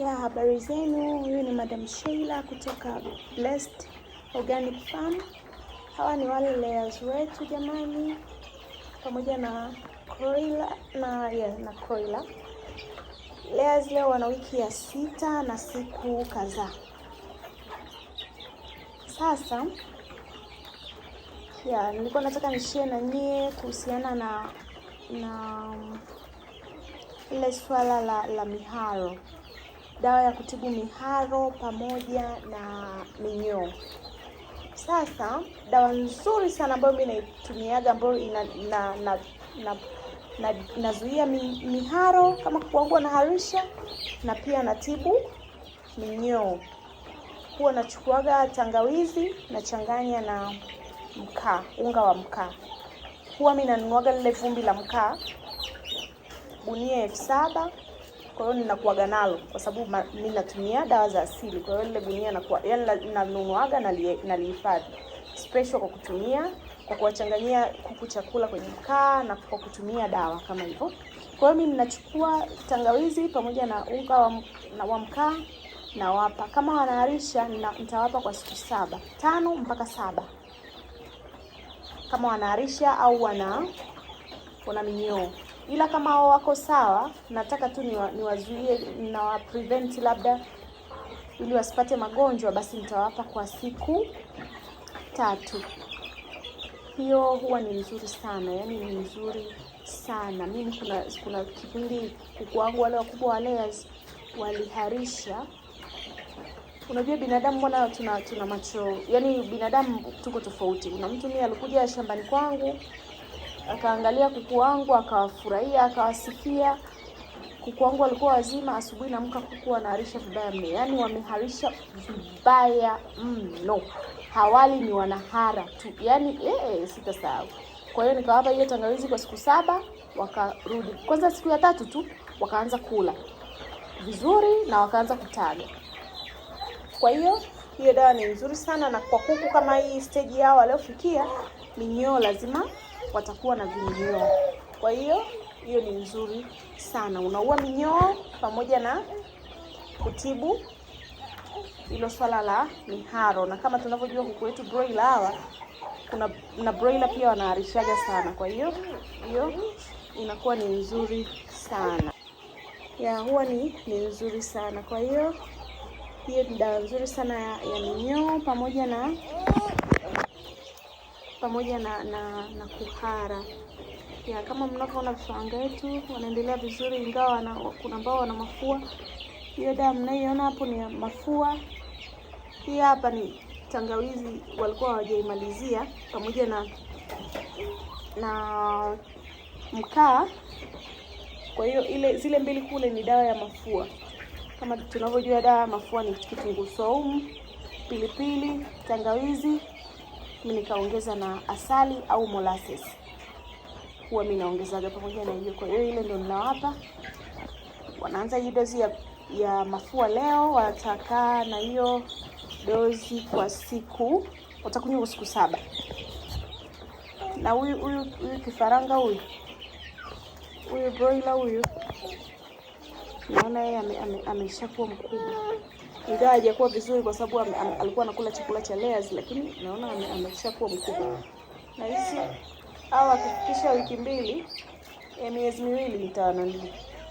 ya habari zenu. Huyu ni Madam Sheila kutoka Blessed Organic Farm. Hawa ni wale layers wetu jamani, pamoja na Croila, na yeah, na Croila. Layers leo wana wiki ya sita na siku kadhaa. Sasa ya nilikuwa nataka nishie na nyie kuhusiana na na um, ile swala la, la miharo dawa ya kutibu miharo pamoja na minyoo. Sasa dawa nzuri sana ambayo mimi naitumiaga ambayo ina na na na nazuia na, miharo kama kuangua na harisha na pia natibu minyoo. Huwa nachukuaga tangawizi nachanganya na mkaa, unga wa mkaa. Huwa mimi nanunuaga lile vumbi la mkaa gunia elfu saba kwa hiyo ninakuaga nalo kwa sababu mimi natumia dawa za asili. Kwa hiyo lile gunia nakuwa yani nanunuaga na nalihifadhi special kwa kutumia kwa kuwachanganyia kuku chakula kwenye mkaa na kwa kutumia dawa kama hivyo. Kwa hiyo mimi ninachukua tangawizi pamoja na unga wa, na wa mkaa nawapa kama wanaharisha, nitawapa kwa siku saba tano mpaka saba kama wanaharisha au wana wana minyoo ila kama wao wako sawa, nataka tu niwazuie, niwa nawa prevent labda ili wasipate magonjwa, basi nitawapa kwa siku tatu. Hiyo huwa ni nzuri sana, yani ni nzuri sana. Mimi kuna kuna kipindi kuku wangu wale wakubwa wa layers waliharisha. Unajua binadamu mbona tuna, tuna macho, yani binadamu tuko tofauti. Kuna mtu mimi alikuja shambani kwangu akaangalia kuku wangu akawafurahia, akawasifia. Kuku wangu walikuwa wazima, asubuhi namka kuku wanaharisha vibaya mno, yaani wameharisha vibaya mno, hawali ni wanahara tu, yaani ee, sitasahau. Kwa hiyo nikawapa hiyo tangawizi kwa siku saba, wakarudi kwanza. Siku ya tatu tu wakaanza kula vizuri na wakaanza kutaga. Kwa hiyo hiyo dawa ni nzuri sana, na kwa kuku kama hii stage yao waliofikia, minyoo lazima watakuwa na vinyoo. Kwa hiyo hiyo ni nzuri sana, unaua minyoo pamoja na kutibu hilo swala la miharo, na kama tunavyojua kuku wetu broiler hawa kuna na broiler pia wanaharishaga sana, kwa hiyo hiyo inakuwa ni nzuri sana ya huwa ni, ni nzuri sana. Kwa hiyo hiyo ni dawa nzuri sana ya, ya minyoo pamoja na pamoja na, na, na kuhara ya kama mnavyoona vifaranga wetu wanaendelea vizuri, ingawa na, kuna ambao wana mafua. Hiyo damu mnaiona hapo ni mafua. Hii hapa ni tangawizi, walikuwa hawajaimalizia pamoja na na mkaa. Kwa hiyo ile zile mbili kule ni dawa ya mafua. Kama tunavyojua dawa ya mafua ni kitunguu saumu, pilipili, tangawizi nikaongeza na asali au molasses, huwa mimi naongezaga pamoja na hiyo. Kwa hiyo ile ndio ninawapa, wanaanza hii dozi ya, ya mafua leo, watakaa na hiyo dozi kwa siku, watakunywa kwa siku saba. Na huyu huyu huyu kifaranga huyu huyu broiler huyu, naona yeye ameshakuwa mkubwa ingawa hajakuwa vizuri, kwa sababu alikuwa anakula chakula cha layers, lakini naona ameshakuwa mkubwa. Nahisi au akifikisha wiki mbili, eh, miezi miwili, nitaona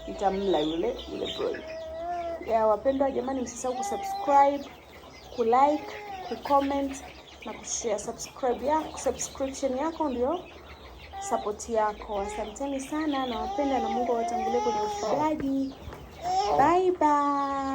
nitamla yule yule broiler. Ya wapendwa jamani, msisahau kusubscribe, kulike, kucomment na kushare. Subscribe yako, subscription yako ndio support yako. Asanteni sana, nawapenda na Mungu awatangulie kwenye ufugaji. Bye bye.